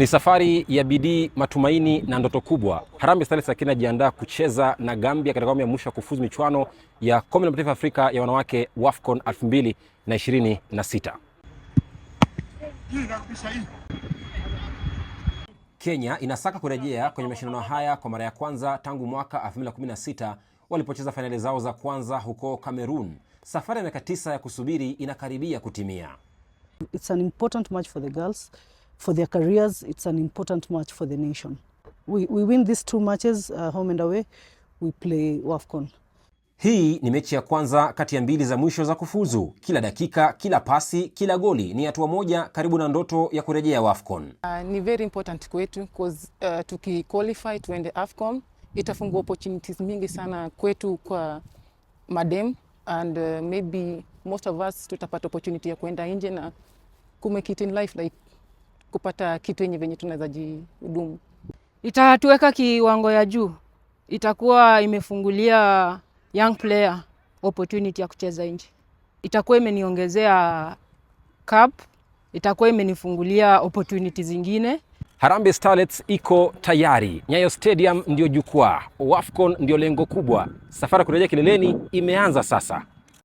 Ni safari ya bidii, matumaini na ndoto kubwa. Harambee Starlets inajiandaa kucheza na Gambia katika awamu ya mwisho ya kufuzu michuano ya kombe la mataifa Afrika ya wanawake WAFCON 2026. Kenya inasaka kurejea kwenye mashindano haya kwa mara ya kwanza tangu mwaka 2016 walipocheza fainali zao za kwanza huko Cameroon. Safari ya miaka tisa ya kusubiri inakaribia kutimia. It's an important match for the girls for their careers. It's an important match for the nation. We, we win these two matches, uh, home and away, we play WAFCON. Hii ni mechi ya kwanza kati ya mbili za mwisho za kufuzu. Kila dakika, kila pasi, kila goli ni hatua moja karibu na ndoto ya kurejea WAFCON. Uh, ni very important kwetu because uh, tuki tukiqualify tuende AFCON itafungua opportunities mingi sana kwetu kwa madem and uh, maybe most of us tutapata opportunity ya kuenda nje na kumake in life like kupata kitu yenye venye tunaweza jihudumu. Itatuweka kiwango ya juu, itakuwa imefungulia young player opportunity ya kucheza nje, itakuwa imeniongezea cup, itakuwa imenifungulia opportunity zingine. Harambee Starlets iko tayari. Nyayo Stadium ndio jukwaa, WAFCON ndio lengo kubwa. Safari kurejea kileleni imeanza sasa.